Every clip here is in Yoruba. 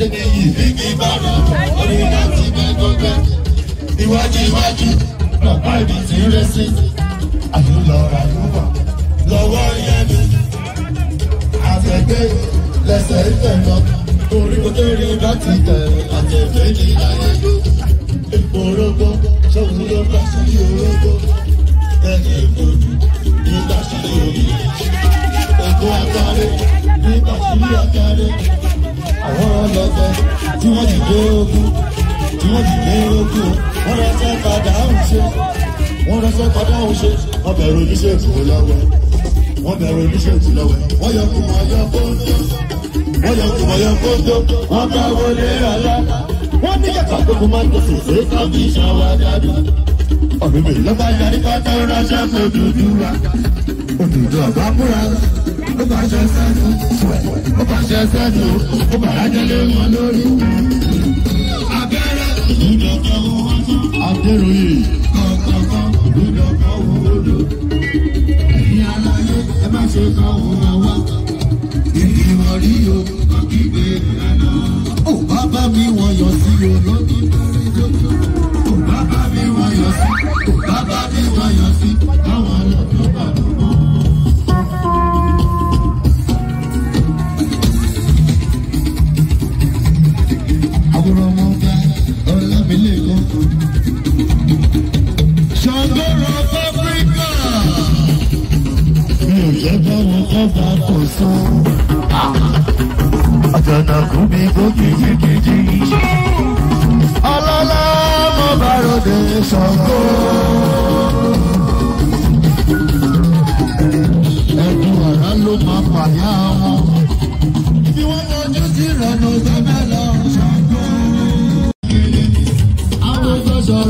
Adédèyí bíbí bàrà orí láti bẹ iwájú iwájú bàbá ibi tí ń rẹ sí àlùlọ́ra lọ́wọ́ yẹn mi àtẹ̀gbẹ́ lẹ́sẹ̀ ìfẹ́ lọ torí kò kéré láti tẹ̀ àtẹ̀gbẹ́ ní ayé epo orógbó ṣòwò ló bá sí orógbó lẹ́yìn epo nígbà sí omi epo àtàrẹ nígbà sí àtàrẹ àwọn ọlọ́dẹ tí wọ́n dìde ogun tí wọ́n dìde ogun wọ́n rẹsẹ̀ padà ń ṣe wọ́n rẹsẹ̀ padà ń ṣe wọ́n bẹ̀rù oníṣẹ́ ètò lọ́wọ́ wọ́n bẹ̀rù oníṣẹ́ ètò lọ́wọ́ wọ́n yọ kùmọ̀ yọ kóńdó wọ́n yọ kùmọ̀ yọ kóńdó wọ́n bá wọlé ọlá wọ́n ní kẹta gbogbo máa ń tẹ̀sí sí kábí ìṣàwọ̀ àdádù ọ̀dùnmí lọ́ba yarí pátá ránṣẹ́ ó bá aṣọ sẹ́nu ó bá aṣọ sẹ́nu ó bá ajẹ́lé wọn lórí. abẹ́rẹ́ ìdókòwò wọn tún. adéròyìn. nìkan. Ṣàngó Africa. Mi ò yẹ báwọn kọ́ bá kò sán. Àjọ̀dàkú mi kó kìjìkìjì. Ọlọ́lá mo bá ròde Ṣàngó.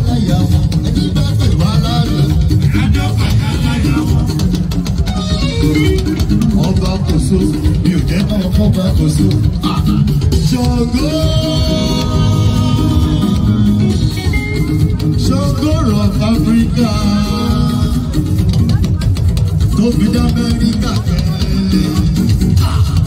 ọba kòso of Africa don't be dá Amẹ́ríkà